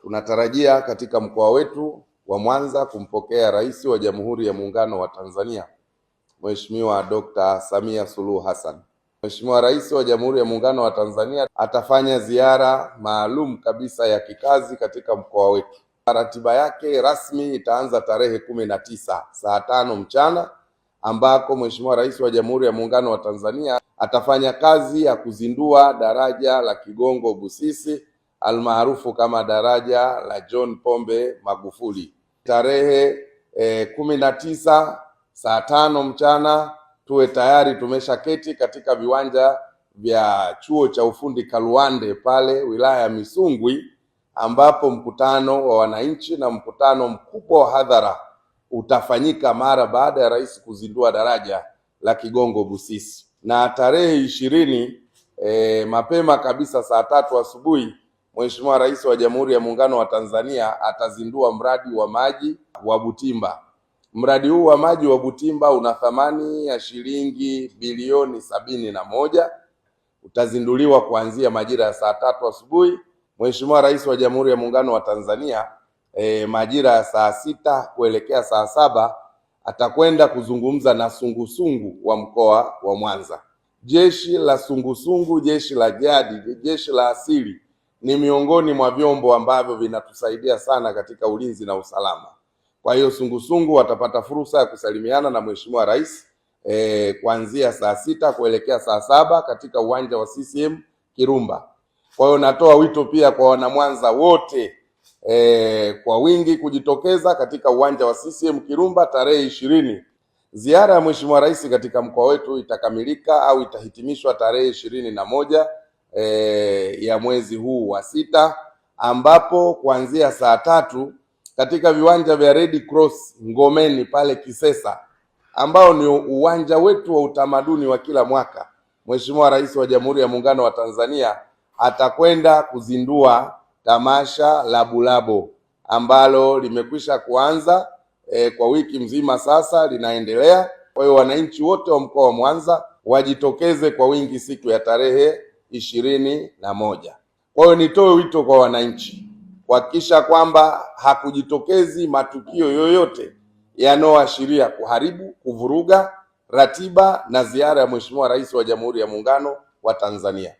Tunatarajia katika mkoa wetu wa Mwanza kumpokea Rais wa Jamhuri ya Muungano wa Tanzania Mheshimiwa Dr. Samia Suluhu Hassan. Mheshimiwa Rais wa Jamhuri ya Muungano wa Tanzania atafanya ziara maalum kabisa ya kikazi katika mkoa wetu. Ratiba yake rasmi itaanza tarehe kumi na tisa saa tano mchana ambako Mheshimiwa Rais wa Jamhuri ya Muungano wa Tanzania atafanya kazi ya kuzindua daraja la Kigongo Busisi almaarufu kama daraja la John Pombe Magufuli tarehe e, eh, kumi na tisa saa tano mchana tuwe tayari tumesha keti katika viwanja vya chuo cha ufundi Kaluande pale wilaya ya Misungwi, ambapo mkutano wa wananchi na mkutano mkubwa wa hadhara utafanyika mara baada ya rais kuzindua daraja la Kigongo Busisi, na tarehe ishirini e, mapema kabisa saa tatu asubuhi Mheshimiwa Rais wa Jamhuri ya Muungano wa Tanzania atazindua mradi wa maji wa Butimba. Mradi huu wa maji wa Butimba una thamani ya shilingi bilioni sabini na moja utazinduliwa kuanzia majira ya saa tatu asubuhi. Mheshimiwa Rais wa Jamhuri ya Muungano wa Tanzania e, majira ya saa sita kuelekea saa saba atakwenda kuzungumza na sungusungu wa mkoa wa Mwanza, jeshi la sungusungu, jeshi la jadi, jeshi la asili ni miongoni mwa vyombo ambavyo vinatusaidia sana katika ulinzi na usalama. Kwa hiyo sungusungu watapata fursa ya kusalimiana na Mheshimiwa Rais e, kuanzia saa sita kuelekea saa saba katika uwanja wa CCM Kirumba. Kwa hiyo natoa wito pia kwa wanamwanza wote e, kwa wingi kujitokeza katika uwanja wa CCM Kirumba tarehe ishirini. Ziara ya Mheshimiwa Rais katika mkoa wetu itakamilika au itahitimishwa tarehe ishirini na moja e, ya mwezi huu wa sita ambapo kuanzia saa tatu katika viwanja vya Red Cross Ngomeni pale Kisesa ambao ni uwanja wetu wa utamaduni wa kila mwaka, Mheshimiwa Rais wa Jamhuri ya Muungano wa Tanzania atakwenda kuzindua tamasha la Bulabo ambalo limekwisha kuanza e, kwa wiki mzima sasa linaendelea. Kwa hiyo wananchi wote wa mkoa wa Mwanza wajitokeze kwa wingi siku ya tarehe ishirini na moja. Kwa hiyo nitoe wito kwa wananchi kuhakikisha kwamba hakujitokezi matukio yoyote yanayoashiria kuharibu, kuvuruga ratiba na ziara ya Mheshimiwa Rais wa Jamhuri ya Muungano wa Tanzania.